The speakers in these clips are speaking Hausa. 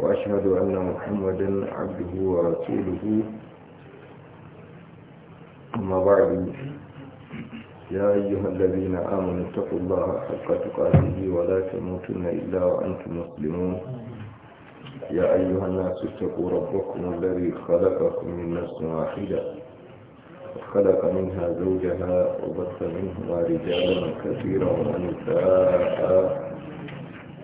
وأشهد أن محمدا عبده ورسوله أما بعد يا أيها الذين آمنوا اتقوا الله حق تقاته ولا تموتن إلا وأنتم مسلمون يا أيها الناس اتقوا ربكم الذي خلقكم من نفس واحدة خلق منها زوجها وبث منهما رجالا كثيرا ونساء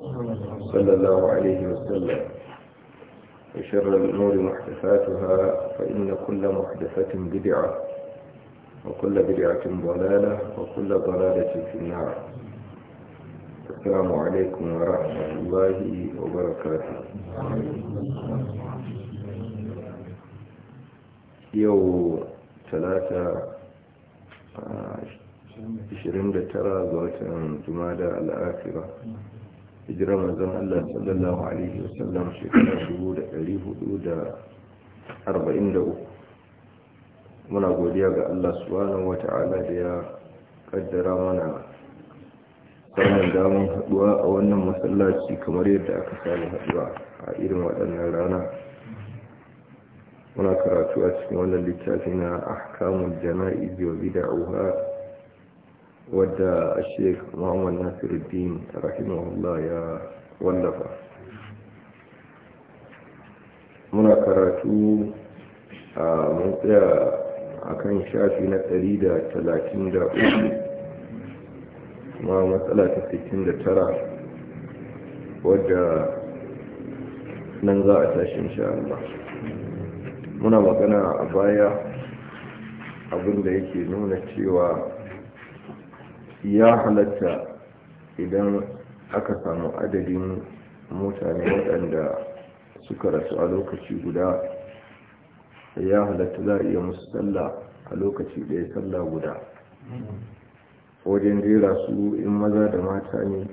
صلى الله عليه وسلم وشر الأمور محدثاتها فإن كل محدثة بدعة وكل بدعة ضلالة وكل ضلالة في النار السلام عليكم ورحمة الله وبركاته يوم ثلاثة آه، عشرين ga watan جمادى الآخرة hijirar manzon Allah sallallahu alaihi wasallam shekara 1443 muna godiya ga Allah subhanahu wata'ala da ya kaddara mana samun damar haduwa a wannan masallaci kamar yadda aka samu haduwa a irin waɗannan rana muna karatu a cikin wannan littafi na ahkamul jana'iz wa bid'aha wadda sheik muhammad nasiruddin rahimahullah ya wallafa muna karatu a mun tsaya a kan shafi na 133 ma matsala ta tara, wadda nan za a tashi insha muna magana a baya abinda yake nuna cewa ya halatta idan aka samu adadin mutane waɗanda suka rasu a lokaci guda ya halatta za a iya musu sallah a lokaci ɗaya sallah guda wajen jera su in maza da mata ne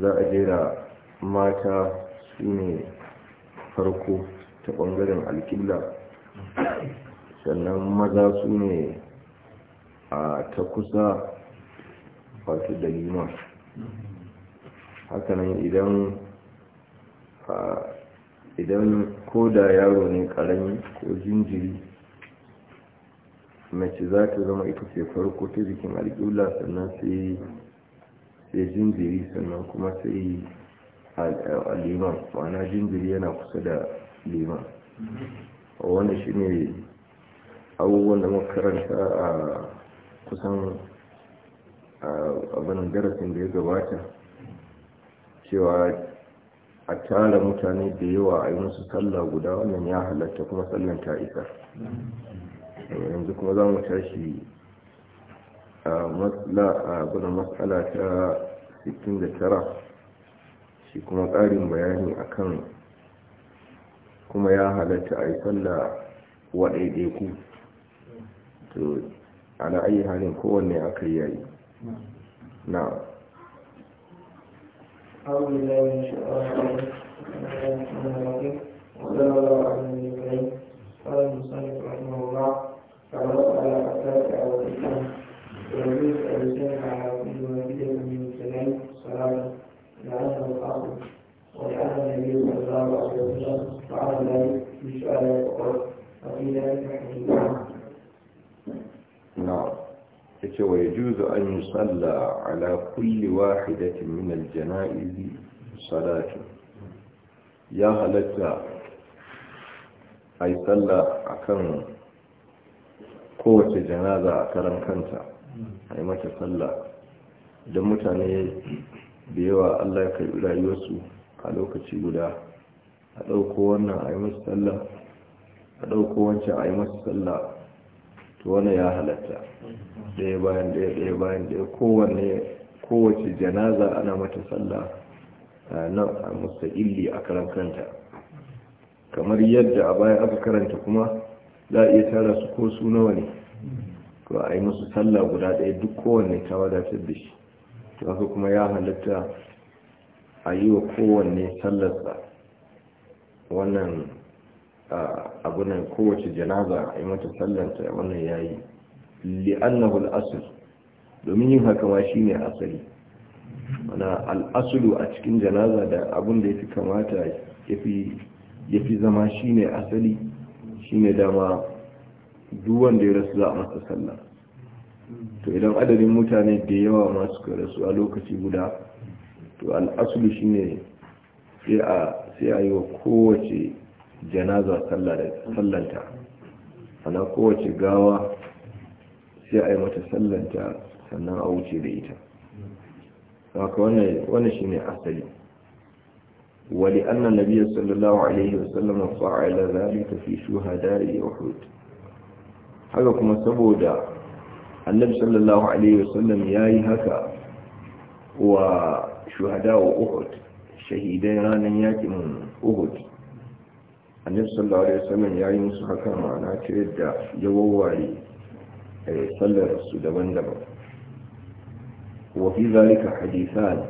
za a jera mata su ne farko ta ɓangaren alƙibla sannan maza su ne a ta kusa wato da hakanan idan idan ko da yaro ne karami ko jinjiri mace za ta zama ita ce farko ta jikin alƙula sannan sai jinjiri sannan kuma sai liman ma'ana jinjiri yana kusa da liman wanda shi ne abubuwan da makaranta a kusan a abin darasin da ya gabata cewa a tara mutane da yawa a yi musu sallah guda wannan ya halatta kuma sallan ta isa yanzu kuma za mu tashi a matsala ta 69 shi kuma ƙarin bayani akan kuma ya halatta a yi sallah waɗaiɗaiku to ana ayyuhalin kowanne aka yayi na أعوذ بالله من الشيطان الرجيم بسم الله الرحمن الرحيم وصلى الله على النبي الكريم قال المصنف yace wa yajuzu an yi tsalla ala kulli wahidatin min al salatu ya halatta ai a kan kowace janaza a karan kanta ai mata tsalla don mutane da yawa Allah ya karbi rayuwarsu a lokaci guda a ɗauko wannan a yi masu tsalla a ɗauko wancan a yi masu sallah to wani ya halatta ɗaya bayan ɗaya ɗaya bayan ɗaya kowanne kowace janaza ana mata sallah a nan a karan kanta kamar yadda a baya aka karanta kuma za a iya tara su ko su nawa ne to a yi musu sallah guda ɗaya duk kowanne ta wadatar da shi to haka kuma ya halatta a yi wa kowanne sallarsa wannan abunan kowace janaza a yi mata sallanta wannan yayi li'annahu al'asul domin yin haka ma ne asali mana al'asulu a cikin janaza da abun da fi kamata fi zama shine asali shine dama duwan da ya rasu za a masa salla, to idan adadin mutane da yawa masu ka rasu a lokaci guda to al'asulu shine sai a yi wa kowace janaza sallanta ana kowace gawa sai a yi mata sallanta sannan a wuce da ita haka wannan shi ne asali wali annan nabiya sallallahu alaihi wasallam fa'ala ta fi shuhada'i uhud haka kuma saboda annabi sallallahu alaihi wasallam yi haka wa shuhada wa uhud shahidan ranan yakin uhud annabi sallallahu alaihi wasallam ya yi musu haka ma'ana ta yadda ya wawware sallar su daban-daban wa fi zalika hadithan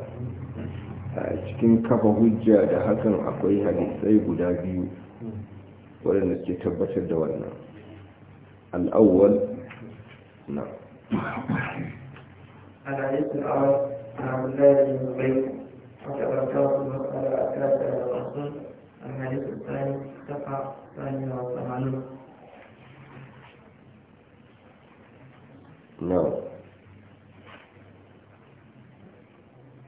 a cikin kafa hujja da hakan akwai hadisai guda biyu waɗanda suke tabbatar da wannan al'awwal na الحديث الأول عن عبد الله بن زبير وتبركه المسألة الثالثة والخمسون الحديث الثاني صفحة ثانية وثمانون نعم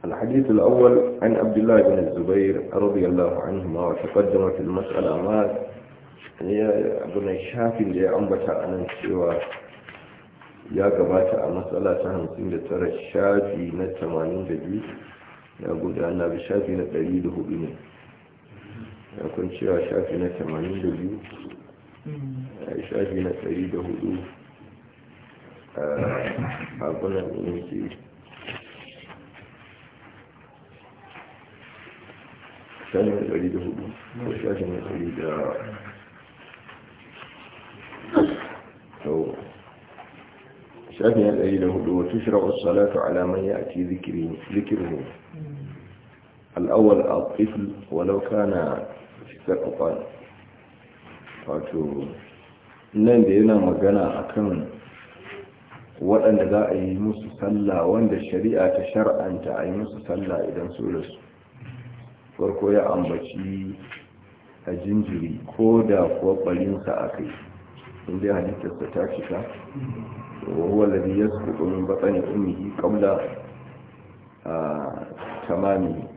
الحديث الأول عن عبد الله بن الزبير رضي الله عنهما وتقدم في المسألة ما هي ابن الشافي اللي أنبت عن السوى يا قبات المسألة تهم سنة ترى الشافي نتمانين جديد يقول أن أبي الشافي نتأيده بني ya kunci a shafi na 82 a shafi na 104 a abunan yanki shafi na 104 ko shafi na 100 shafi na 104 wata shirar salatu alaman ya ake zikirin ذكره الأول الطفل ولو كان wato nan da yana magana akan waɗanda za a yi musu sallah wanda shari'a ta shar'anta a yi musu sallah idan su rasu farko ya ambaci a jinjiri ko da kuwa ɓarinsa a kai inda halittarsa ta cika wahuwa lalari ya su kuɗin batsani yi kamla a ah, tamami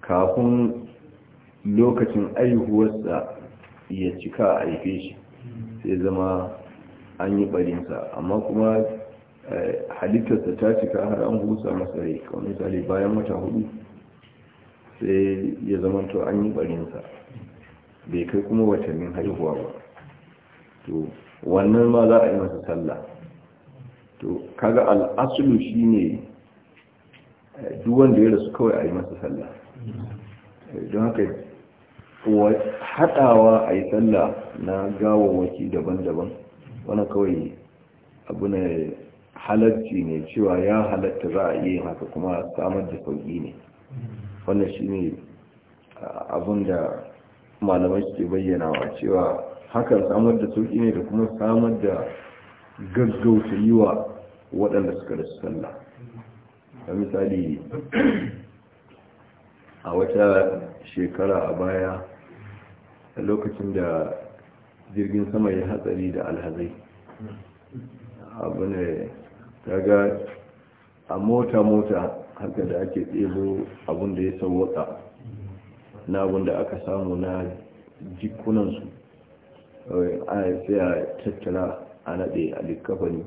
kafin lokacin aihuwarsa ya cika a aike shi sai zama an yi barinsa amma kuma eh, halittarsa ta cika har an busa masa rai kawai misali bayan wata hudu sai ya zama to an yi barinsa bai kai kuma watannin haihuwa ba to wannan ma za a yi masa sallah to kaga al'asulu shine eh, duk wanda ya rasu kawai a yi masa sallah eh, don haka haɗawa a yi sallah na gawawaki daban-daban wani kawai abu ne halarci ne cewa ya halatta za a yi haka kuma samar da sauƙi ne wannan shi ne abin da malamai suke bayyanawa cewa hakan samar da sauƙi ne da kuma samar da gaggauta yi wa waɗanda suka da sallah a misali a wata shekara a baya lokacin da jirgin sama ya hatsari da alhazai abu ne daga a mota-mota haka da ake tsebo abin da ya sauwaka na abin da aka samu na jikunansu a sai a tattara a naɗe a likafani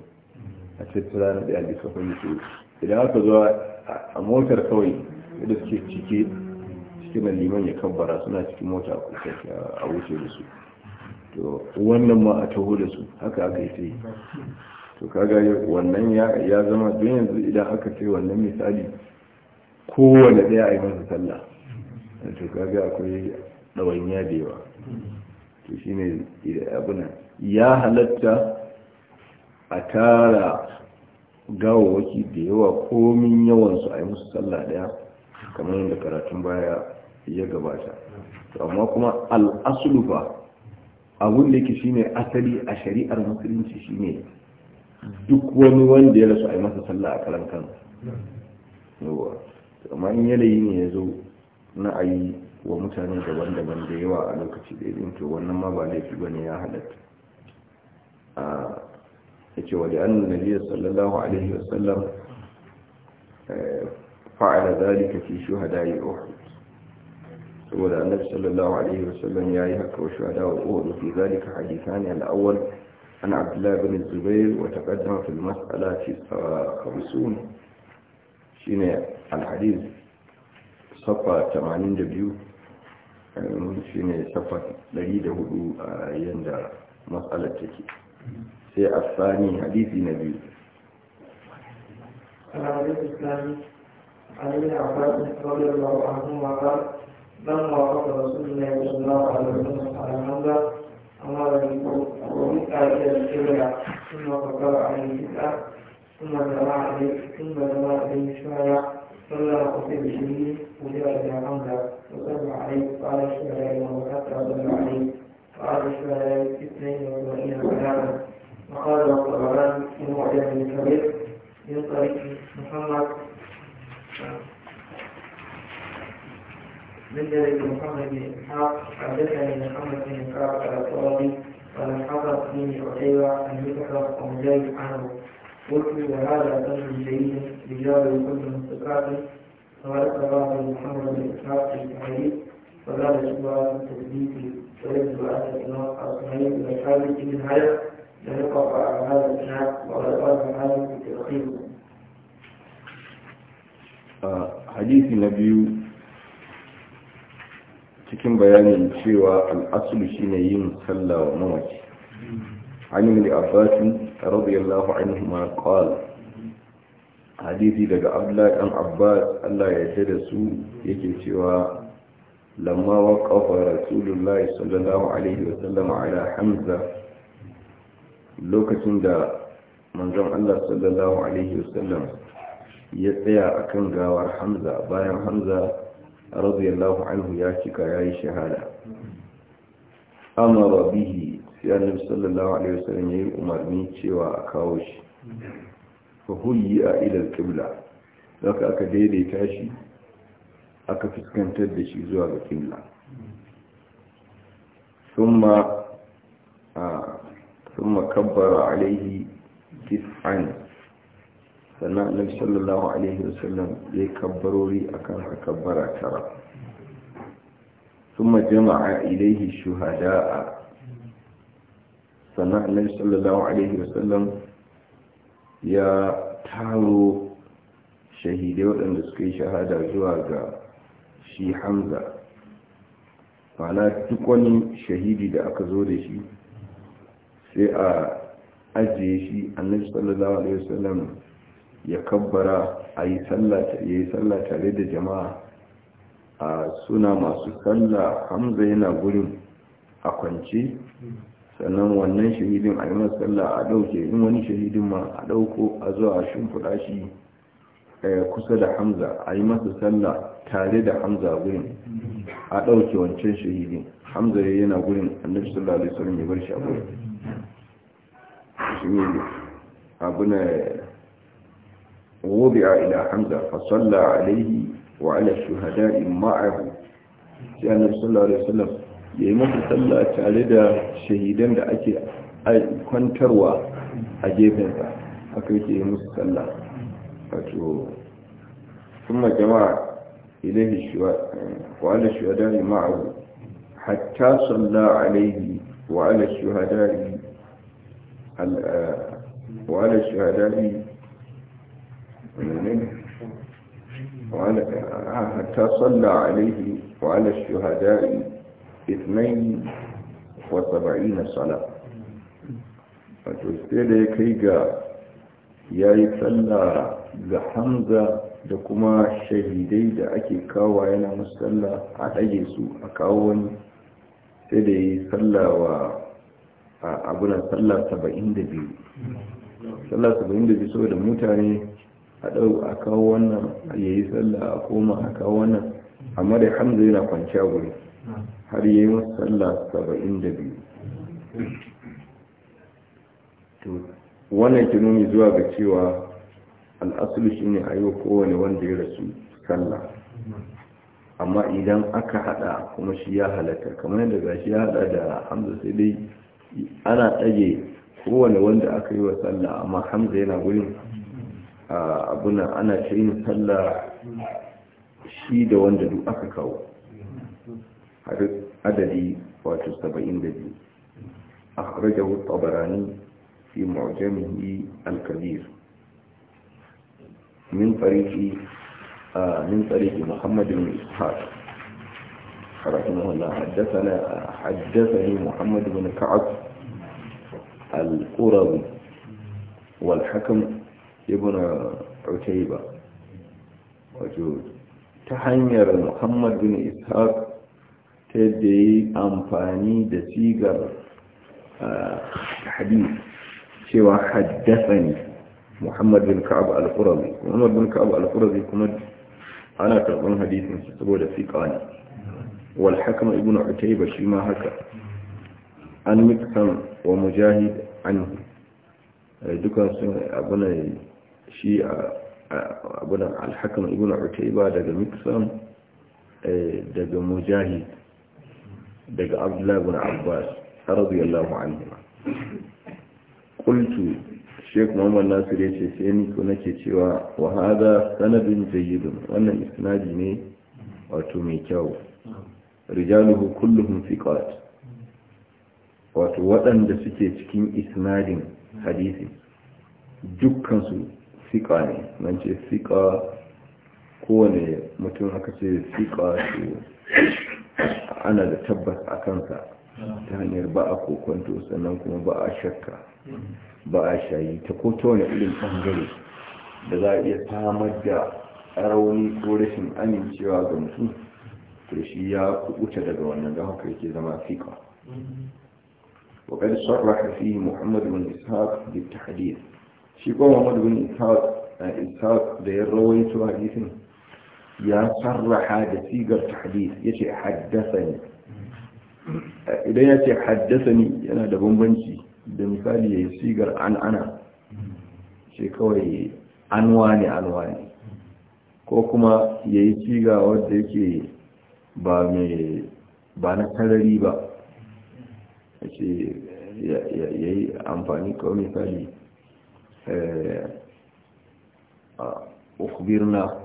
a tattara naɗe a likafani su idan aka zuwa a motar kawai da suke cike kira liman ya kabbara suna cikin mota a a wuce da su to wannan ma a taho da su haka aka yi sai to kaga wannan ya zama don yanzu idan aka ce wannan misali kowane daya a yi masa sallah to kaga akwai ɗawainiya da yawa to shi ne abinan ya halatta a tara gawawaki da yawa komin yawansu a yi musu sallah daya kamar yadda karatun baya ya gabata amma kuma al'asulu ba abun da yake shine asali a shari'ar musulunci shine duk wani wanda ya rasu a yi masa sallah a karan kan yawa amma in yanayi ne ya zo na ayi wa mutane daban-daban da yawa a lokaci da yin to wannan ma ba laifi bane ya halatta a yace wa da'an nabiyyu sallallahu alaihi wasallam eh, fa'ala dhalika fi shuhada'i uhud ولا النبي صلى الله عليه وسلم يا يعيهك الشهداء وقود في ذلك حديثان الأول عن عبد الله بن الزبير وتقدم في المسألة في خمسون شين الحديث صفة 80 دبيو شين صفة لديد هدو يندى مسألة تكي سي الثاني حديث النبي نبي عبد الله بن وسلم علي عباس رضي الله عنه قال من وافق رسول الله صلى الله عليه وسلم على حمزة أمر ووقع إلى القبلة ثم فقر عليه بدعة ثم دعا ثم دعا عليه شوية صلى قصير به وجاء إلى حمزة وصلى عليه قال الشوية حتى صلى عليه قال الشوية اثنين وأربعين كلاما وقال الطبراني في معجم الكبير من طريق محمد من ذلك محمد بن اسحاق حدثني محمد بن اسحاق على الطرابي قال حضر بن عتيبة عن يسحر ومجاهد عنه قلت وهذا امر جيد رجال كل مستقات فذكر بعض محمد بن اسحاق في الحديث فقال شبهة التثبيت ويجب ان الامام الصهيب بن حابس بن هرب لم يقف على هذا الاسناد وقد قال هذا في تلخيصه آه، حديث النبي cikin bayanin cewa al'asulu shine yin sallah wa mamaci an yi da abbasin radiyallahu anhu ma qala hadisi daga abdullahi dan abbas Allah ya yarda da su yake cewa lamma waqafa rasulullahi sallallahu alaihi wa sallam ala hamza lokacin da manzon Allah sallallahu alaihi wa sallam ya tsaya akan gawar hamza bayan hamza radiyallahu anhu ya cika yayi shahada amara bihi sai sallallahu alaihi wasallam yayi umarni cewa a kawo shi fa a ila al-qibla aka daidaita shi aka fuskantar da shi zuwa ga qibla thumma ah, thumma kabbara alaihi tis'an sannan annabi sallallahu alaihi wasallam ya kabbarori akan kabbara tara kuma jama'a ilaihi shuhada'a sannan annabi sallallahu alaihi wasallam ya taro shahidai waɗanda suka yi shahada zuwa ga shi hamza fana duk wani shahidi da aka zo da shi sai a ajiye shi annabi sallallahu alaihi wasallam ya kabbara a yi sallah tare da jama'a a suna masu sallah hamza yana gurin a kwanci sannan wannan shahidin a yi sallah a ɗauke in wani shahidin ma a ɗauko a zuwa a shimfiɗa shi eh, kusa da hamza a yi masa sallah tare da hamza gurin a ɗauke wancan shahidin hamza yana gurin annabi sallallahu alaihi wasallam ya bar shi a gurin shi abu na ووضع إلى حمزة فصلى عليه وعلى الشهداء معه سيانا صلى الله عليه وسلم يمكن صلى الله تعالى شهيدا لأجل كن تروى أجيبنا أكيد يمكن صلى الله ثم جمع إليه الشهداء وعلى الشهداء معه حتى صلى عليه وعلى الشهداء وعلى الشهداء ta حتى صلى عليه وعلى الشهداء اثنين وسبعين صلاة فتستيد يكيغا يا يتسلى لحمزة da kuma shahidai da ake kawo yana musalla a ɗage su a kawo wani sai da yi sallawa a abunan sallah saba'in da biyu sallah saba'in da biyu saboda mutane a ɗau a kawo wannan a yayi sallah a koma a kawo wannan amma da hamza yana kwanciya wuri har yi masu sallah saba'in da biyu wannan nuni zuwa ga cewa al'asulu shi ne a yi wa kowane wanda ya rasu sallah amma idan aka hada kuma shi ya halatta kamar yadda ga shi ya hada da hamza sai dai ana ɗage kowane wanda aka yi wa sallah amma hamza yana wurin. abuna ana ta yin sallah shi da wanda duk aka kawo har adadi wato 72 akhrajahu at-tabarani fi mu'jamihi al-kabir min tariqi من طريق محمد بن إسحاق رحمه الله حدثنا حدثني محمد بن كعب القروي والحكم ابن عتيبة موجود تحمير محمد بن إسحاق تدي أنفاني دسيقر حديث شوى حدثني محمد بن كعب القرضي محمد بن كعب القرضي كمد أنا تظن حديث من ستبود في قانا والحكم ابن عتيبة شما هكا أنا مكتم ومجاهد عنه دكا أبنى shi abunan alhakan ibn utaiba daga mixon eh, daga mujahid daga abdullahi ibn abbas radiyallahu anhu qultu sheikh muhammad nasir ya ce sai ni ko nake cewa wa sanadin sanadun jayyidun wannan isnadi ne wato mai kyau rijaluhu kulluhum thiqat wato waɗanda suke cikin isnadin hadisi dukkansu sika ne nan ce sika kowane mutum aka ce sika su ana da tabbas a kansa ta hanyar ba a kokonto sannan kuma ba a shakka ba a shayi ta ko ta wani irin ɓangare da za a iya samar da rauni ko rashin amincewa ga mutum to shi ya kubuta daga wannan don haka yake zama sika وقد صرح فيه محمد بن إسحاق بالتحديث shi ko Muhammad bin Ishaq da ya rawaito hadisin ya sarraha da sigar tahdith yace haddathani idan yace haddathani yana da bambanci da misali yayi sigar an ana ce kawai an wani ko kuma yayi siga wanda yake ba mai ba na karari ba yace yayi amfani kawai misali ukhbirna eh,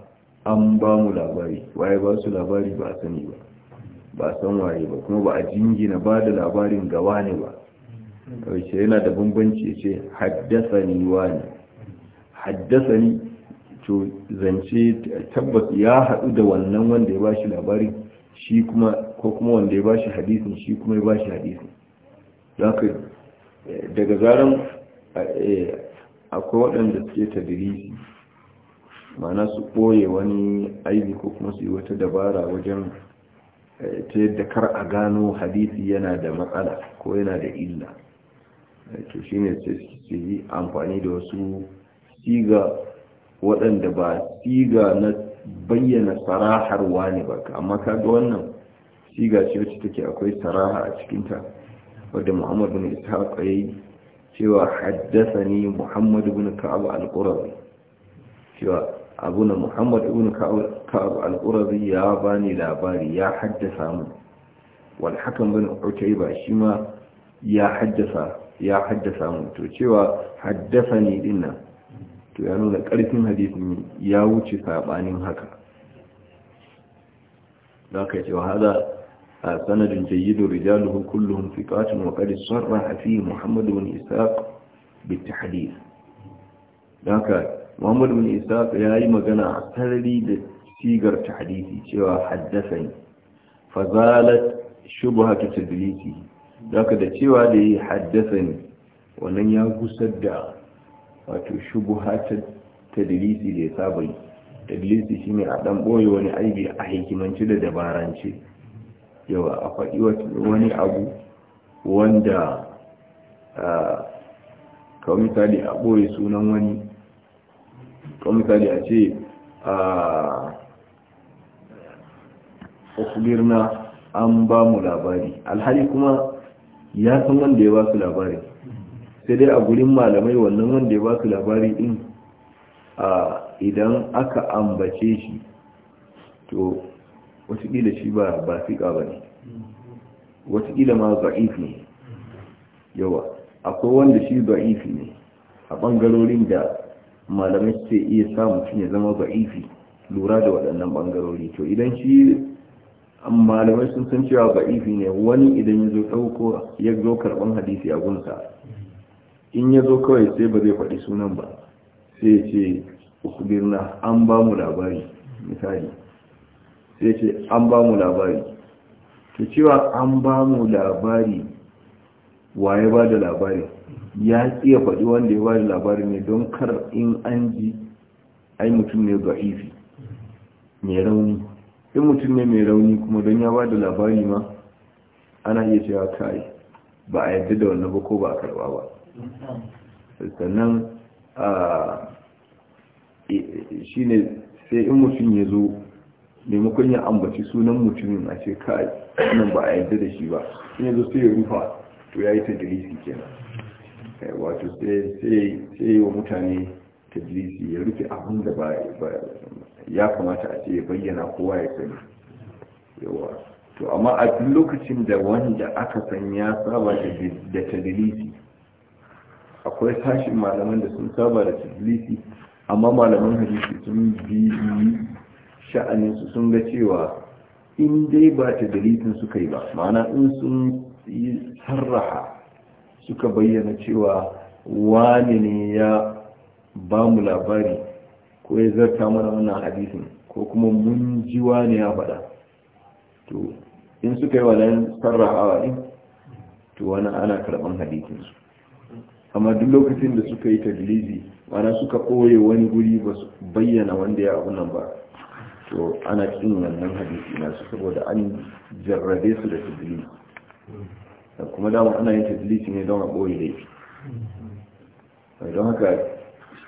an ba mu labari waye ba su labari ba sani ba ba san waye ba kuma ba a jingina ba da labarin gawa ne ba kawai yana da bambanci ce haddasa ni wani haddasa ni to zance tabbas ya haɗu da wannan wanda ya bashi labarin shi kuma ko kuma wanda ya bashi hadisin shi kuma ya bashi hadisin eh, daga zaran eh, akwai waɗanda suke ta dirisi mana su ɓoye wani aibi ko kuma su yi wata dabara wajen eh, ta yadda kar a gano hadisi yana da matsala ko yana da illa eh, to shi ne su yi amfani da wasu siga waɗanda ba siga na bayyana saraharwa ne ba amma kaga wannan siga ce wacce take akwai saraha a cikinta wadda muhammadu ne ta kwaye cewa haddasani muhammad ibn ka'ab al-qurazi cewa abuna muhammad ibn ka'ab al-qurazi ya bani labari ya haddasa mu wal hakan bin utayba shi ma ya haddasa ya haddasa mu to cewa haddasani dinnan to ya nuna karfin hadisin ya wuce sabanin haka zaka ce wa hada سند جيد رجاله كلهم ثقات وقد صرح فيه محمد بن إساق بالتحديث ذاك محمد بن إساق ياي مغنى سرري بسيغر تحديثي شوى حدثني فزالت شبهة تدريسي ذاك دا شوى لي حدثني ولن يغسد wato shubuha ta tadrisi da ya saba yi tadrisi shine a أحيكي من wani دبارانشي yawa a faɗi wani abu wanda kawai misali a ɓoye sunan wani kawai misali a ce a ofulirna an ba mu labari alhali kuma ya san wanda ya ba su labari sai dai a gurin malamai wannan wanda ya ba su labari din idan aka ambace shi to watakila shi ba ba fiƙa ba ne watakila ma za'if ne yawa akwai wanda shi za'ifi ne a ɓangarorin da malamai ce iya sa mutum ya zama za'ifi lura da waɗannan bangarori to idan shi malamai sun san cewa za'ifi ne wani idan ya zo ɗauko ya zo karɓar hadisi a gunsa in ya zo kawai sai ba zai faɗi sunan ba sai ce ukubirna an ba mu labari misali sai ce an ba mu labari to cewa an ba mu labari waye ba da labari ya iya faɗi wanda ya ba da labari ne don kar in an ji ai mutum ne ga ifi mai rauni in mutum ne mai rauni kuma don ya ba da labari ma ana iya cewa kai ba a yadda da wannan ba ko ba a karba ba sannan e, e, shi ne sai in mutum ya zo maimakon ya ambaci sunan mutumin a ce kai nan ba a yadda da shi ba in yanzu sai ya rufa to ya yi tajirisi kenan eh, wato sai wa mutane tajirisi ya rufe abin da ba ya kamata a ce ya bayyana kowa ya sani yawa to amma a duk lokacin da wanda aka san ya saba da tajirisi akwai sashin malaman da sun saba da tajirisi amma malaman hadisi sun bi sha'aninsu sun ga cewa in dai ba ta dalitin suka yi ba ma'ana in sun yi sarraha suka bayyana cewa wani ne ya ba mu labari ko ya zarta mana wannan hadisin ko kuma mun ji wani ya faɗa to in suka yi sarraha wa ɗin to wani ana karɓan hadisinsu amma duk lokacin da suka yi tadlizi ma'ana suka ɓoye wani guri ba su bayyana wanda ya abunan nan ba to ana cikin wannan hadisi nasu saboda an jarrabe su da tadlis kuma dama ana yin tadlis ne don a laifi don haka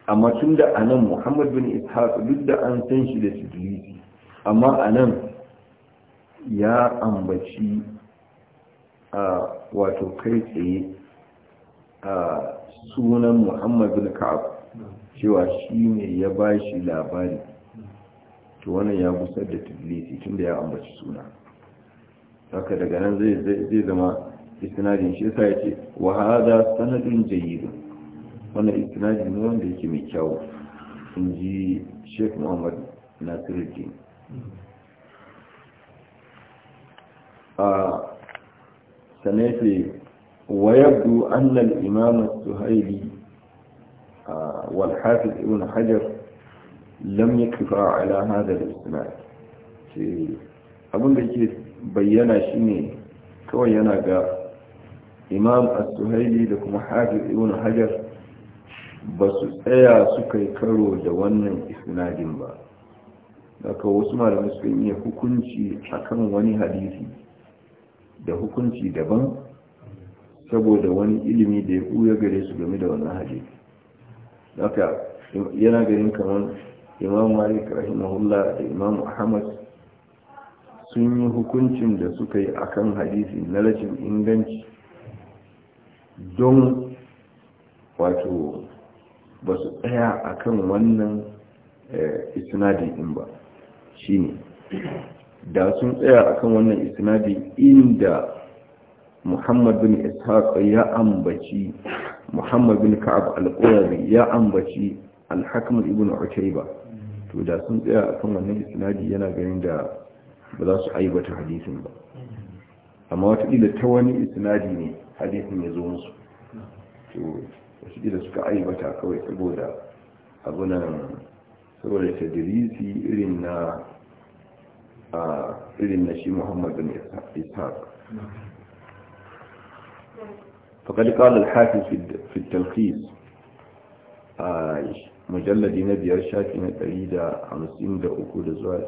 amma tun da anan muhammad bin ishaq duk da an san shi da tabili amma anan ya ambaci a wato kai tsaye a sunan muhammad bin ka'ab cewa shi ne ya ba shi labari to wannan ya gusar da tbilisi da ya ambaci suna haka daga nan zai zama istinadin shi yasa yace wa hada sanadun jayyid wannan istinadi ne wanda yake mai kyau ji Sheikh Muhammad Nasiruddin a sanafi wa yabdu anna al-imam as-suhaili wal hafiz ibn hajar lam yakfa ala hada al-istinad ce abin da ke bayyana shine kawai yana ga imam as-suhaili da kuma hafiz ibn hajar ba su tsaya suka yi karo da wannan isnadin ba daga wasu malamai suka yi hukunci akan wani hadisi da hukunci daban saboda wani ilimi da ya ɓuya gare su game da wannan hadisi daga yana ganin kamar imam malik rahimahullah da imam ahmad sun yi hukuncin da suka yi akan hadisi na rashin inganci don wato ba su tsaya akan wannan eh, isnadi din ba shine da sun tsaya akan wannan isnadi inda muhammad bin ishaq ya ambaci muhammad bin ka'ab al ya ambaci al-hakim ibn uthayba to da sun tsaya a kan wannan isnadi yana ganin da ba za su aibata hadisin ba amma wataƙila ta wani isnadi ne hadisin ya zo musu to wataƙila suka aibata kawai saboda abunan saboda ta dirisi irin na a irin na shi muhammad bin ishaq فقد قال الحافظ في التلخيص آه mujalladi na biyar shafi na ɗari da hamsin da uku da zuwa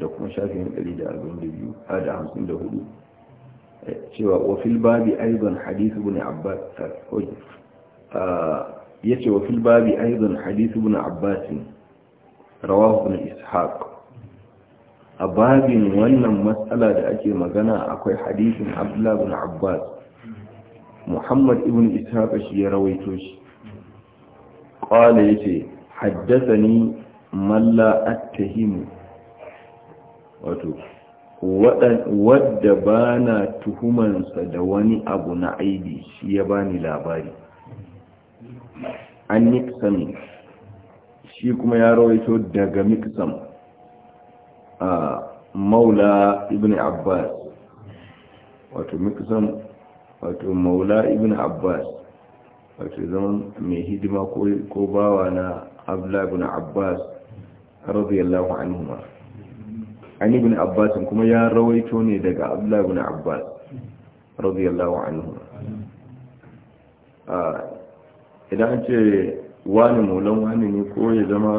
da kuma shafi na ɗari da arba'in da biyu a da hamsin da hudu eh, cewa wafil babi aizon hadithu bin abbas ah, ya ce wafil babi aizon hadithu bin abbasin rawahu na ishaq a babin wannan matsala da ake magana akwai hadithin abdullah bin abbas muhammad ibn ishaq shi ya rawaito shi ƙwale ya ce ni malla attahimu wato wadda ba na tuhumansa da wani abu na aibi shi ya bani labari an miksami shi kuma ya rawaito daga miksam a maula ibn abbas wato miksam wato maula ibn abbas wato zaman mai hidima ko bawa na abdullahi ibn abbas radiyallahu anhuma an ibn abbas kuma ya rawaito ne daga abdullahi ibn abbas radiyallahu anhuma ah, idan an ce wani maulan wani ne ko ya zama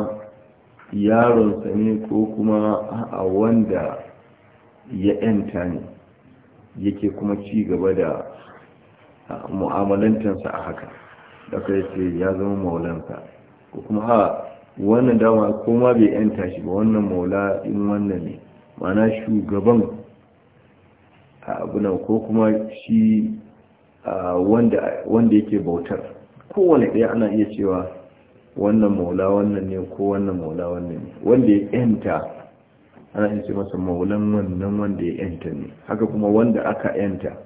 yaronsa ne ko kuma a wanda ya yanta ne yake kuma ci gaba da ah, mu'amalantarsa a haka da kai ce ya zama maulansa ko kuma ha wannan dama koma bai yanta shi ba wannan maula in wannan ne mana shugaban a abunan ko kuma shi wanda yake bautar kowane ɗaya ana iya cewa wannan maula wannan ne ko wannan maula wannan ne wanda ya yanta ana iya ce masa maulan wannan wanda ya yanta ne haka kuma wanda aka yanta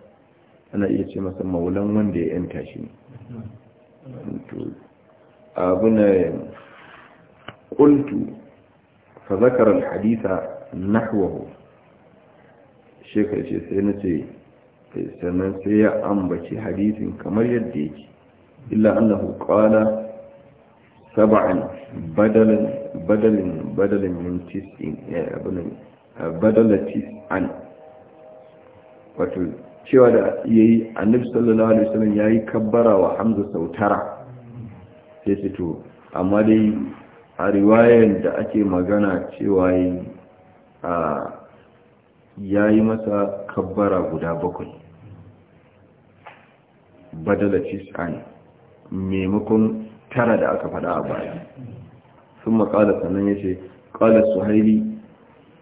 ana iya ce masa maulan wanda ya yanta shi ne abin qultu fa zakara alhaditha nahwahu shekar ce sai na ce sannan sai ya ambaci hadisin kamar yadda yake illa annahu qala sab'an badalan badalan badalan min tis'in abin badala tis'an wato cewa da yayi annabi sallallahu alaihi wasallam yayi kabbara wa hamza sautara sai su to amma dai a riwayar da ake magana cewa ya yi masa kabbara guda bakwai badala tis'an maimakon tara da aka faɗa a baya sun makala sannan ya ce su suhaili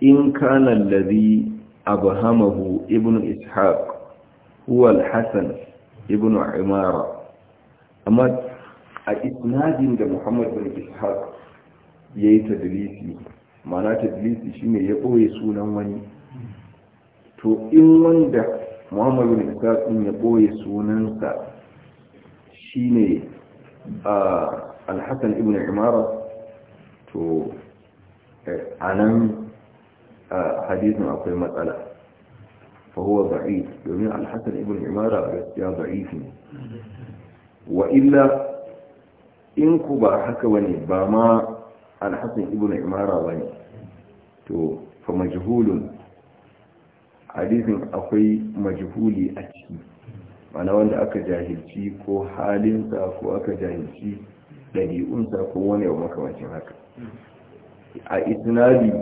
in kana lalazi abu hamahu ibn ishaq huwal hassan ibn imara amma a isnadin da muhammad bin ishaq ya yi tadlisi mana tadlisi shine ya ɓoye sunan wani to in wanda muhammad bin ishaq ya ɓoye sunansa shine a alhassan ibn imara to eh, a nan hadisin akwai matsala fahuwa ba'i domin alhassan ibn imara gaskiya ba'i ne wa illa in ku ba haka bane ba ma alhassan ibn imara bane to fa majhulun hadisin akwai majhuli a ciki mana wanda aka jahilci ko halinsa ko aka jahilci sa ko wani yau makamacin haka a isnadi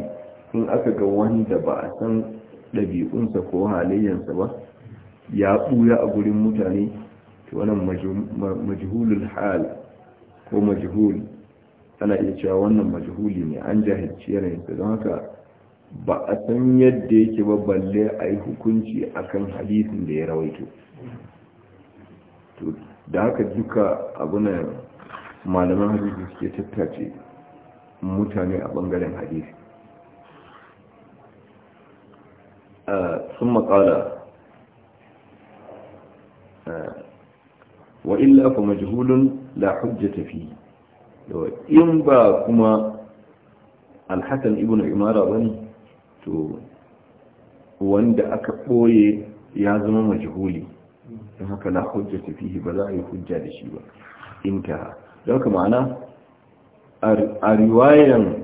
in aka ga wanda ba a san ɗabi'unsa ko sa ba ya buya a gurin mutane to wannan majhulul hal ko majhul ana iya cewa wannan majhuli ne an jahilci yanayinsa don haka ba a san yadda yake ba balle a yi hukunci a kan hadisin da ya rawaito da haka duka abuna malaman hadisi suke tattace mutane a bangaren hadisi sun makala wa illa fa majhulun la ta fi in ba kuma alhassan ibn imara ne to wanda aka ɓoye ya zama majihuli don haka la ta fi ba za a yi hujja da shi ba in don haka ma'ana a riwayan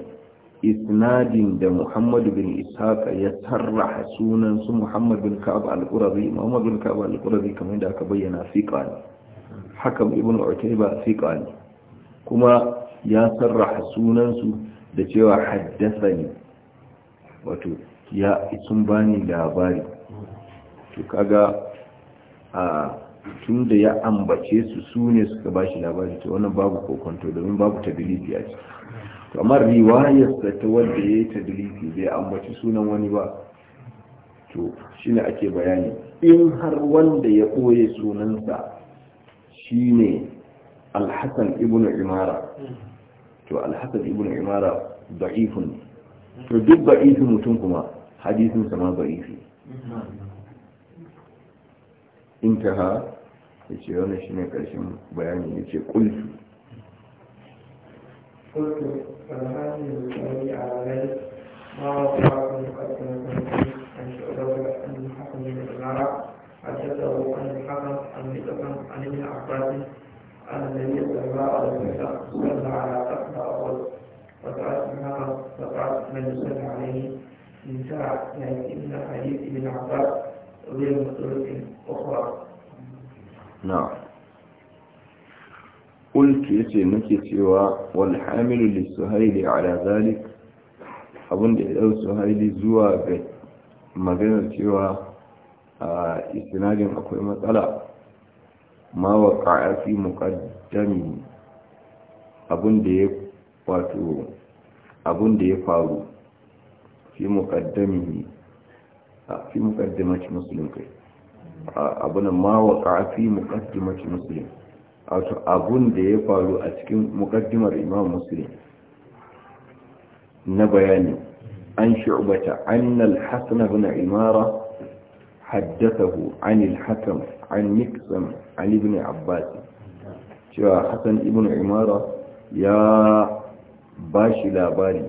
isnadin da muhammad bin ishaq ya sarraha sunan su muhammad bin ka'ab al qurabi muhammad bin ka'ab al qurabi kamar da aka bayyana fiqa ne hakan ibn utayba thiqani kuma ya sarraha sunansu da cewa haddathani wato ya sun bani labari to kaga a tun ya ambace su sune suka ba labari to wannan babu kokonto domin babu tadilifi a ciki kamar da ta wanda yayi yi bai ambaci sunan wani ba to shine ake bayani in har wanda ya ɓoye sunansa shine alhassan ibn imara to alhassan ibn imara da'ifun to duk da'ifin mutum kuma hadisin sama da'ifi intaha ya ce wani shi ne ƙarshen bayani ya ce ƙulfi قلت فالهذه الوسائل على ذلك ما وقع من قد نفسه أن شعبة أن حكم من العرب عن ابن عباس أن النبي صلى الله عليه وسلم على قصر أول وتعرف النار وتعرف من يصلي عليه من ساعة يعني حديث ابن عباس غير مسؤولة أخرى نعم قلت يتي سوى والحامل للسهيل على ذلك أظن da سهيل زوى suhaili zuwa ga maganar cewa a ma waqa'a fi muqaddami abun da ya wato abun da ya faru fi muqaddami fi muqaddamati muslim kai abun ma waqa'a fi muqaddamati muslim wato abun da ya faru a cikin muqaddimar imam muslim na bayani an shu'bata annal hasan ibn imara حدثه anil الحكم an مكسم ali ibn abbas cewa hassan ibn imara ya bashi shi labari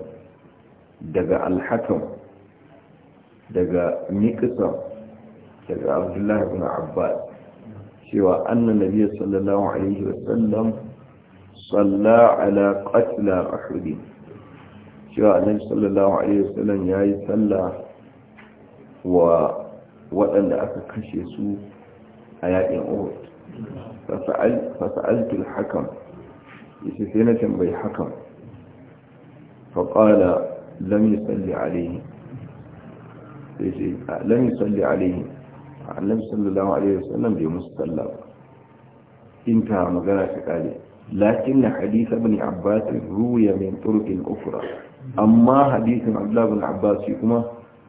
daga alhakam daga mikisa daga abdullahi ibn abbas cewa annan nabiya sallallahu alaihi wasallam salla ala qatla ahudin cewa annabi sallallahu alaihi wasallam yayi salla wa waɗanda aka kashe su a yaƙin uhud فسألت الحكم يسفينة بيحكم فقال لم يصلي عليه لم يصلي عليه النبي صلى الله عليه وسلم بمصلى انتهى مغنى فقاله لكن حديث ابن عباس روي من طرق أخرى أما حديث عبد الله بن عباس كما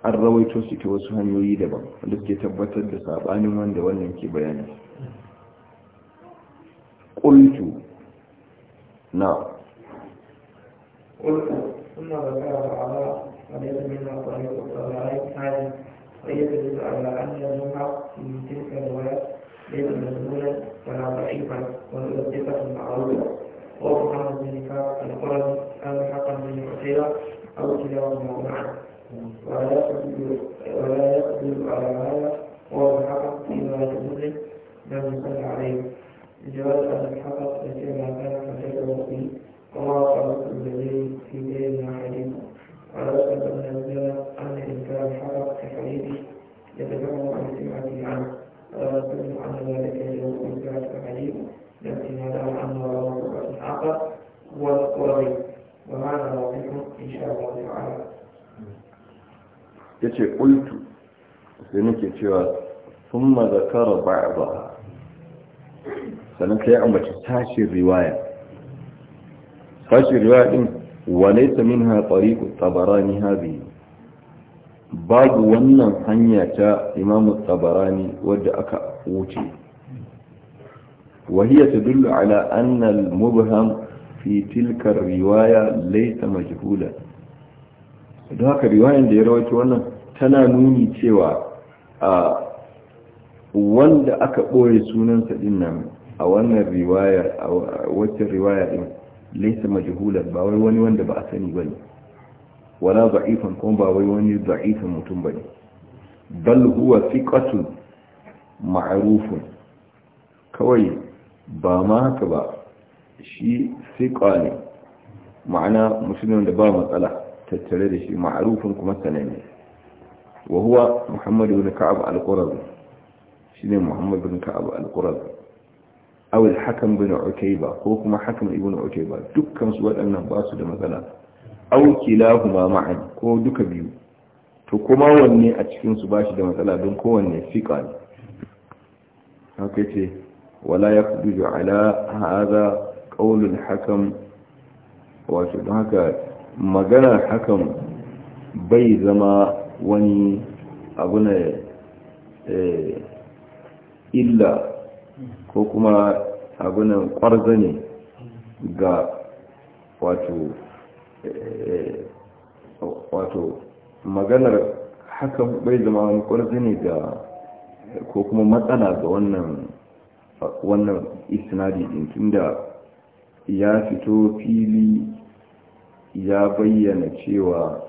an rawaito su ta wasu hanyoyi daban wanda suke tabbatar da sabanin wanda wannan ke bayani قلت نعم قلت ثم ذكر على وليس منا طريق الطبيعي حاجة ويدل على أن المنحق من تلك الروايات ليس مجنونا ولا ضعيفا ولا ثقة معروفة وهو محمد بن كعب القرني أو حقا بن كثيرا أو كلاهما معا ولا يقدر على هذا وهو حقا فيما يجوز لم يصل عليه جواز أن يحقق ما كان فشكره فيه وما وقعت الذين في غير ما حديث على أسباب أن أن الإنسان حقق في حديثه يتكلم عن سمعته عنه ولا يتكلم عن ذلك يجوز إنكار الحديث لكن هذا عنه رواه آخر والقرآن ومعنى واضح إن شاء الله تعالى yace qultu sai nake cewa thumma zakara ba'daha sannan sai ya ambaci tashin riwaya Tashin riwaya ɗin, wane ta min haƙari tsabarani haɗe babu wannan hanya ta imamu tsabarani wadda aka wuce wahiyar ta dullu ala annal mubham fi riwaya laita majihula don haka riwayan da ya rawaci wannan tana nuni cewa a wanda aka ɓoye sunansa din a wannan riwayar a wacce riwaya din laysa majhulan ba wai wani wanda ba a sani bane wala da'ifan kuma ba wai wani da'ifan mutum bane bal huwa thiqatun ma'rufun kawai ba ma haka ba shi thiqa ne ma'ana musulmin da ba matsala tattare da shi ma'rufun kuma sanani wa huwa muhammad ibn ka'ab al-qurazi shine muhammad ibn ka'ab al-qurazi awil hakan bin ukaiba ko kuma hakan ibn ba dukkan su waɗannan basu da matsala aw kilahuma ma'an ko duka biyu to kuma wanne a cikin su bashi da matsala don kowanne fiqa ne haka ce wala hakan bai zama wani abu ne eh, ko kuma abinan ƙwarza ne ga eh, wato maganar hakan bai zama wani ƙwarza ne ga ko kuma matsala ga wannan wannan isnadi din tunda ya fito fili ya bayyana cewa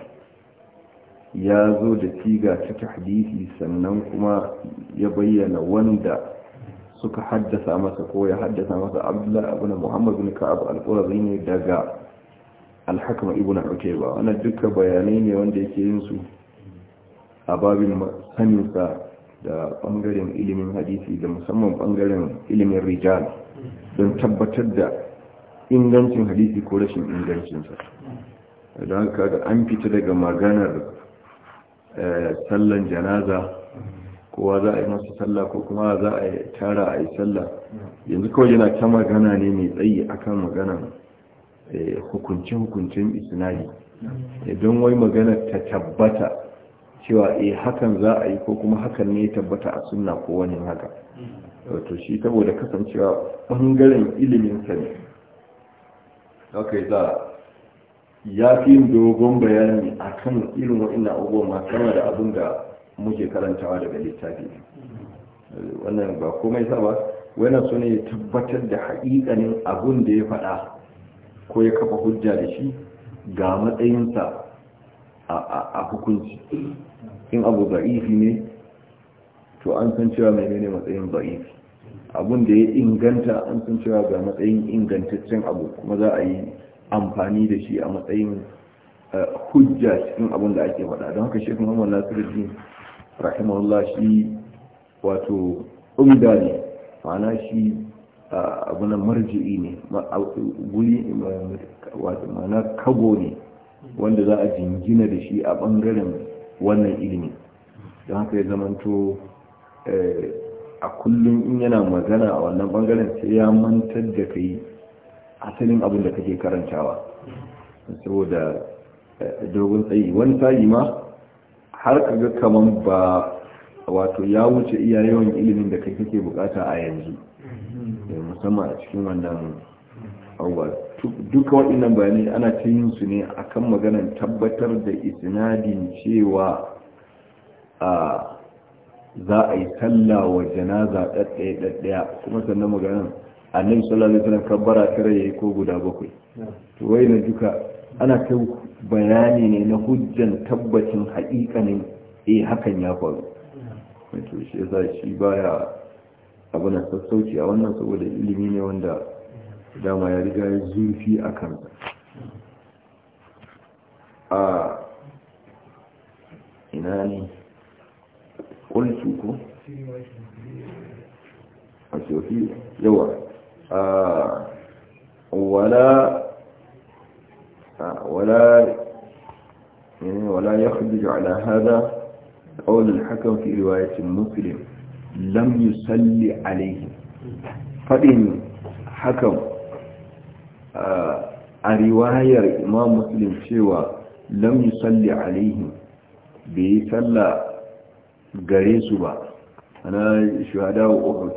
ya zo da tiga ta tahdisi sannan kuma ya bayyana wanda suka haddasa masa ko ya haddasa masa abdullahi abu muhammad muhammadu ka'ab ka abu ne daga alhakama ibu na ba wannan duka bayanai ne wanda yake yin su a babin saninsa da bangaren ilimin hadisi da musamman bangaren ilimin rijal don tabbatar da ingancin hadisi ko rashin ingancinsa don haka an fita daga maganar eh, sallan janaza kowa za a yi masa sallah ko kuma za a yi tara a yi sallah yanzu kawai yana ta magana ne mai tsayi akan magana eh, hukuncin-hukuncin isnadi idan eh, wai magana ta tabbata cewa eh hakan za a yi ko kuma hakan ne tabbata a sunna ko wani haka wato shi saboda kasancewa ɓangaren ilimin sa ne okay za ya fi dogon bayani akan irin wa'annan abubuwan ma da abun da muke karantawa daga littafi wannan ba komai sa ba wannan su ne tabbatar da haƙiƙanin abun da ya faɗa ko ya kafa hujja da shi ga matsayinsa a hukunci in abu za'ifi ne to an san cewa mai ne matsayin za'ifi abun da ya inganta an san cewa ga matsayin ingantaccen abu kuma za a yi amfani da shi a matsayin eh, hujja cikin abun da ake faɗa don haka shekun hamar nasiru rahimahullah shi wato umda ne ma'ana shi abunan marji'i ne guri wato ma'ana kago ne wanda za a jingina da shi a bangaren wannan ilimi don haka ya zamanto eh, a kullum in yana magana a wannan bangaren sai ya mantar da kai asalin abin da kake karantawa saboda eh, dogon tsayi wani tsayi ma har ka ga kaman ba wato ya wuce iya yawan ilimin da kai kake bukata a yanzu eh, musamman a cikin wannan abubuwa duka waɗannan bayani ana cikin su ne akan maganan tabbatar da isnadin cewa a za a yi talla wa janaza ɗaɗɗaya ɗaya kuma sannan maganar annabi sallallahu alaihi wasallam kabbara tare yayi ko guda bakwai to wayannan duka ana ta bayani ne na hujjan tabbacin ne eh hakan ya faru wato shi yasa shi baya na sassauci a wannan saboda ilimi ne wanda dama ya riga ya zurfi a kan a ina ne ƙulci ko? a yawa a wala ولا يعني ولا يخرج على هذا قول الحكم في رواية المسلم لم يصلي عليه فإن حكم آه، رواية الإمام مسلم شوى لم يصلي عليه بيصلى قريسوا أنا شهداء أحد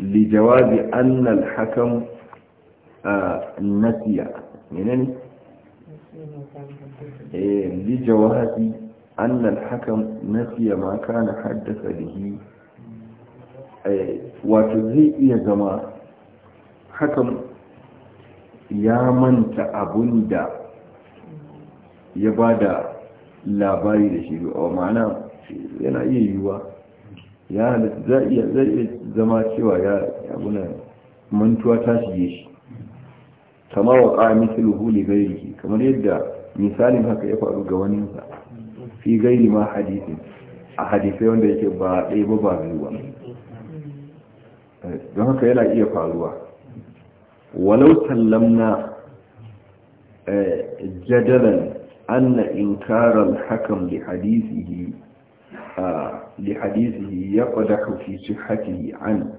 لجواب أن الحكم آه، نسيه menene eh li jawazi anna na hakam nafiya ma kana haddasa bihi eh, wato zai iya zama hakan ya manta abun da ya ba da labari da shi a ma'ana yana iya yiwuwa ya zai iya zama cewa ya abuna mantuwa ta shige shi kama wa ƙa misluhu li kamar yadda misalin haka ya faru ga wani sa fi ghairi ma hadisi a hadisai wanda yake ba ɗaya ba ba biyu ba eh, don haka yana iya faruwa walau sallamna eh, jadalan anna inkarar hakan li hadisihi ah, hadisihi ya ƙwada fi sihhatihi an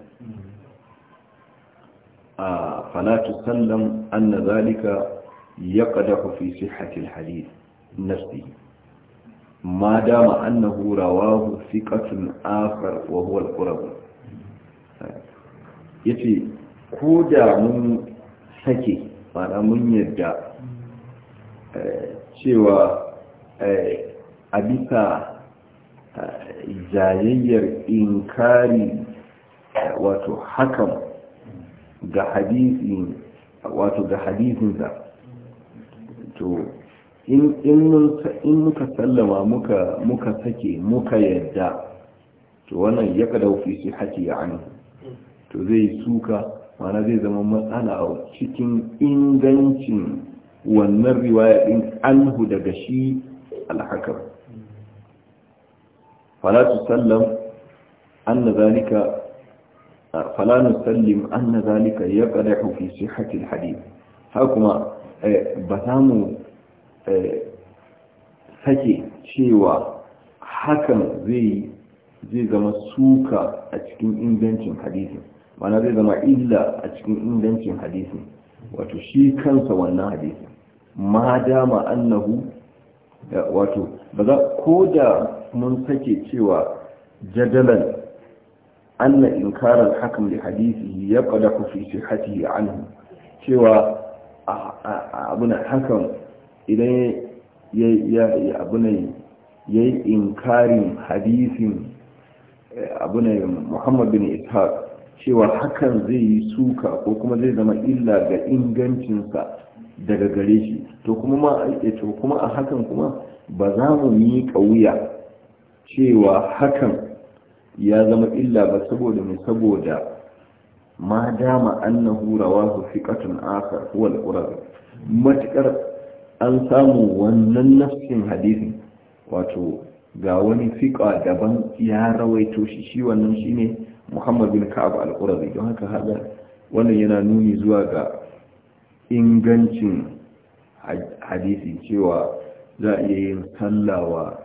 فلا تسلم أن ذلك يقدح في صحة الحديث نفسه ما دام أنه رواه ثقة آخر وهو القرب يتي كودا من سكي فأنا من يدى شوى أبيتا bisa jayayyar وتحكم ga hadisin wato ga hadisinsa to in muka sallama muka sake muka yadda to wannan ya kada fi shi haki ya an to zai suka mana zai zama matsala a cikin ingancin wannan riwaya din anhu daga shi alhakar alhakam sallam tusallam anna zalika فلا نسلم أن ذلك يقرح في صحة الحديث هكما بسامو sake cewa hakan zai زي zama suka a cikin ingancin hadisin mana zai zama illa a cikin ingancin hadisin wato shi kansa wannan hadisin ma dama wato ba za ko da mun sake cewa jadalan أن إنكار الحكم لحديثه يقلق في صحته عنه cewa abin hakan idan ya abin ya yi inkarin hadisin eh, muhammad bin ishaq cewa hakan zai yi suka ko kuma zai zama illa ga ingancinsa daga gare shi to kuma eh, a hakan kuma ba za mu yi kauya cewa hakan ya zama illa ba saboda mai saboda ma dama annahu rawahu fiqatun akhar huwa al-qurab matakar an samu wannan nafsin hadisin wato ga wani fiqa daban ya rawaito shi shi wannan shine Muhammad bin Ka'ab al-Qurazi don haka haɗa wannan yana nuni zuwa ga ingancin hadisi cewa za a iya yin sallawa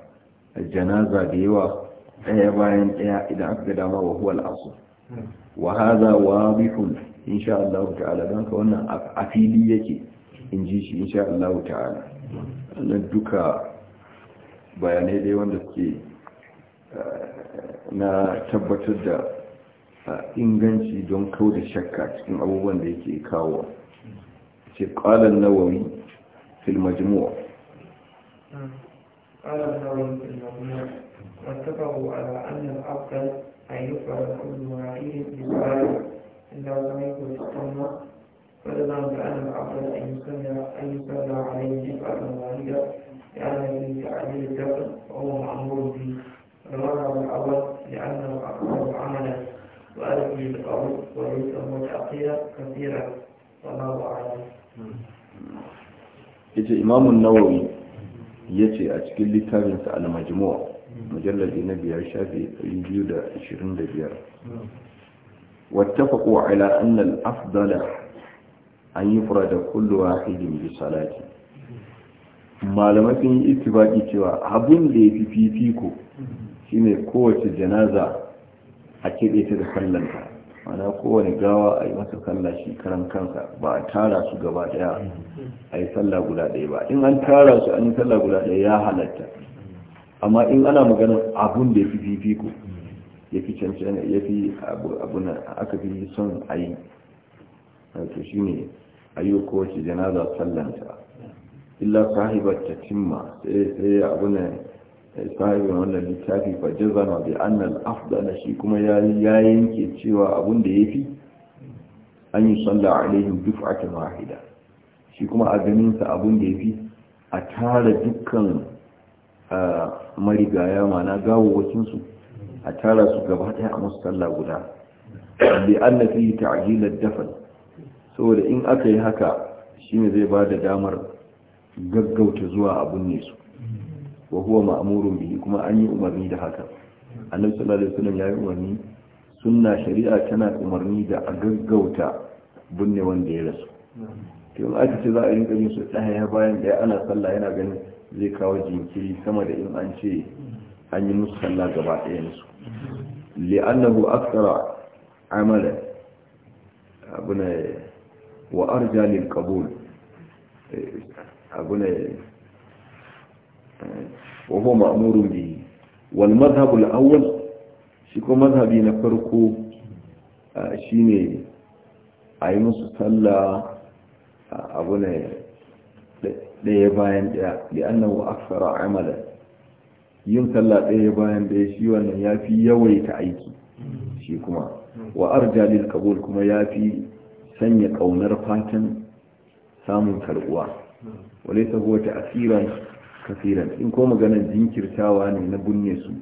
janaza da yawa ɗaya bayan ɗaya idan aka ga dama wa huwa asu wa bifun in insha Allah ta'ala don ka wannan a fili yake in ji shi insha Allah ta'ala wannan duka bayanai dai wanda suke eh, na tabbatar da eh, inganci don kau da shakka cikin abubuwan da yake kawo ce ƙalan nawawi fil hmm. fil majmu'a واتفقوا على أن الأفضل أن يفعل كل واحد بالواجب إلا لم يكن السنة فدلنا بأن الأفضل أن يصلى أن يصلى عليه دفعة واحدة لأن في تعديل الدفع وهو مأمور به الرابع والأول لأنه أكثر عملا وألف بالقول وليس متأخرا كثيرا والله أعلم. إذا إمام النووي يتي أشكل لي littafinsa على majmu mujalladi na biyar shafi 225 wattafaqu ala anna al-afdala an da kullu wahidin bi salati malamai sun yi ittifaki cewa abin da ya fi fifiko shine kowace janaza a kebe ta da kallanta mana kowane gawa a yi masa kalla shi karan kansa ba a tara su gaba daya a yi sallah guda ɗaya ba in an tara su an yi sallah guda ɗaya ya halatta amma in ana magana abun da ya fi fifiko ya fi cancana ya fi abun aka fi son a yi to shi ne a yi kowace janaza sallanta illa sahibar ta cimma sai abun eh, sahibin wannan littafi fa jazama bi annal afdala shi kuma ya yanke cewa abun da ya fi an yi salla alaihim duf'atan wahida shi kuma a ganin sa abun da ya fi a tara dukkan marigaya mana wakinsu a tara su gaba ɗaya a musalla sallah guda bi an na fi ta'ajilar dafa saboda in aka yi haka shi ne zai ba da damar gaggauta zuwa a binne wa huwa ma'amurin bihi kuma an yi umarni da haka annabi sallallahu alaihi wasallam ya yi umarni sunna shari'a tana umarni da a gaggauta binne wanda ya rasu to in aka ce za a yi yin su ɗaya bayan ɗaya ana sallah yana ganin zai kawo jinkiri sama da in an ce an yi musu sallah gaba ɗayansu li'annahu aksara amala abuna wa arja lil abuna eh, eh, wa huwa ma'amurin bi wal madhhab al awwal shi ko mazhabi na farko eh, shine yi musu sallah abuna ɗaya bayan ɗaya da wa aksara amala yin sallah ɗaya bayan ɗaya shi wannan ya fi yawaita aiki shi kuma wa arjalil kabul kuma ya fi sanya ƙaunar fatan samun karbuwa walaysa huwa asiran kafiran in ko maganar jinkirtawa ne na bunne su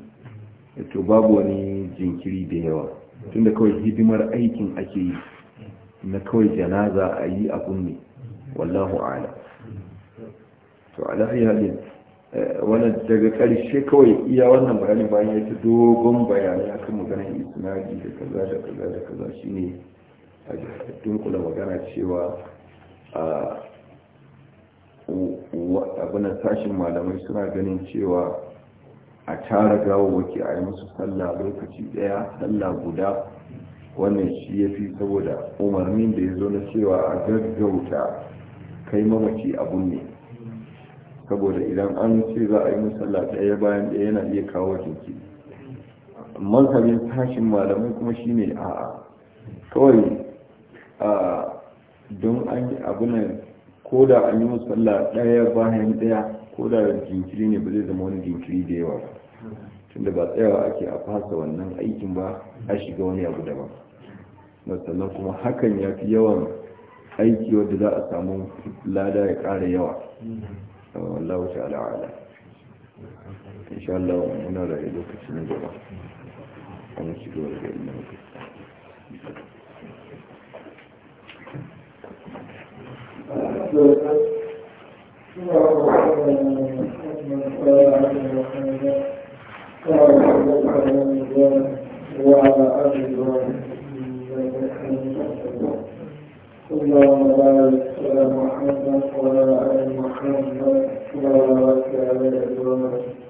to babu wani jinkiri da yawa tunda kawai hidimar aikin ake yi na kawai janaza a yi a kunne wallahu ala to ala halin eh, wani daga ƙarshe kawai iya wannan bayanin bayan ya ta dogon bayanai akan maganar isnadi da kaza da kaza da kaza shi ne a dunkula magana cewa a abinan sashin malamai suna ganin cewa a tara gawo waki a yi musu sallah lokaci daya sallah guda wannan shi ya fi saboda umarnin da ya zo na cewa a gaggauta kai mamaci abun ne saboda idan an ce za a yi musalla ɗaya bayan daya yana iya kawo jinki mazhabin tashin malamai kuma shine a kawai a don an yi abunan ko da an yi musalla ɗaya bayan ɗaya ko da jinkiri ne ba zai zama wani jinkiri da yawa tunda ba tsayawa ake a fasa wannan aikin ba a shiga wani abu ba sannan kuma hakan ya fi yawan aiki wadda za a samu lada ya ƙara yawa والله تعالى على إن شاء الله هنا لا يدوك السنجرة ونسجد ولك وكذا وعلى you. اللهم بارك على محمد وعلى آل محمد وبارك على إبراهيم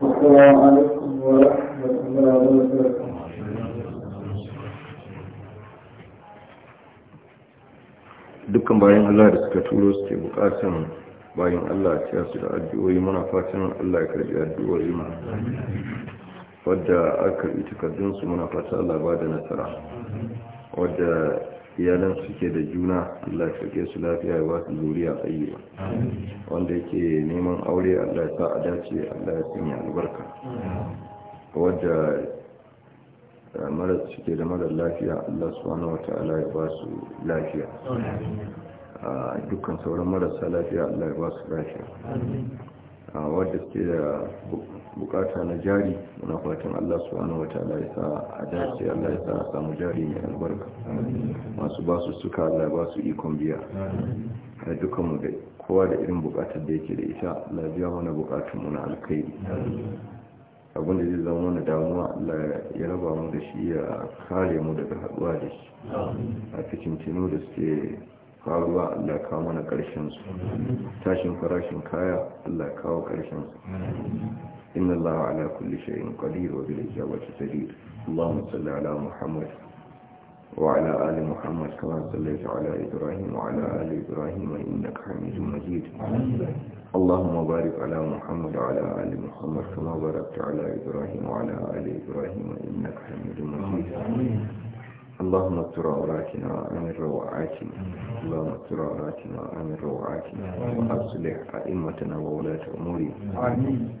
dukkan bayan Allah da suka turo suke bukatan bayan Allah ya su da addu'o'i muna fatan Allah ya karbi addu'o'i ma wadda aka yi takardunsu muna fata Allah ba da nasara wadda iyalan suke da juna Allah ya karbe su lafiya ya ba su zuriya tsayi wanda yake neman aure Allah ya sa a dace Allah ya sanya albarka wadda eh, marar suke da mara lafiya Allah subhanahu wata'ala ya ba su lafiya ah, dukkan sauran marasa lafiya Allah ya ba su lafiya ah, wadda suke da bukata na jari muna fatan Allah subhanahu wataala ya sa a dace Allah ya sa a samu jari mai albarka masu ba su suka Allah ya ba su ikon biya A eh, dukkan mu dai kowa da irin bukatar da yake da ita na biya mana bukatun mu na alkhairi da zai zama mana damuwa Allah ya raba mu da shi ya kare mu daga haduwa da shi a cikin tino da suke faruwa Allah kawo mana karshen su tashin farashin kaya Allah kawo karshen su ala kulli على كل شيء قدير وبالإجابة سديد اللهم صل على muhammad!" وعلى آل محمد كما صليت على إبراهيم وعلى آل إبراهيم إنك حميد مجيد اللهم بارك على محمد وعلى آل محمد كما باركت على إبراهيم وعلى آل إبراهيم إنك حميد مجيد اللهم استر عوراتنا وامن روعاتنا اللهم استر عوراتنا وامن روعاتنا واصلح ائمتنا وولاة امورنا امين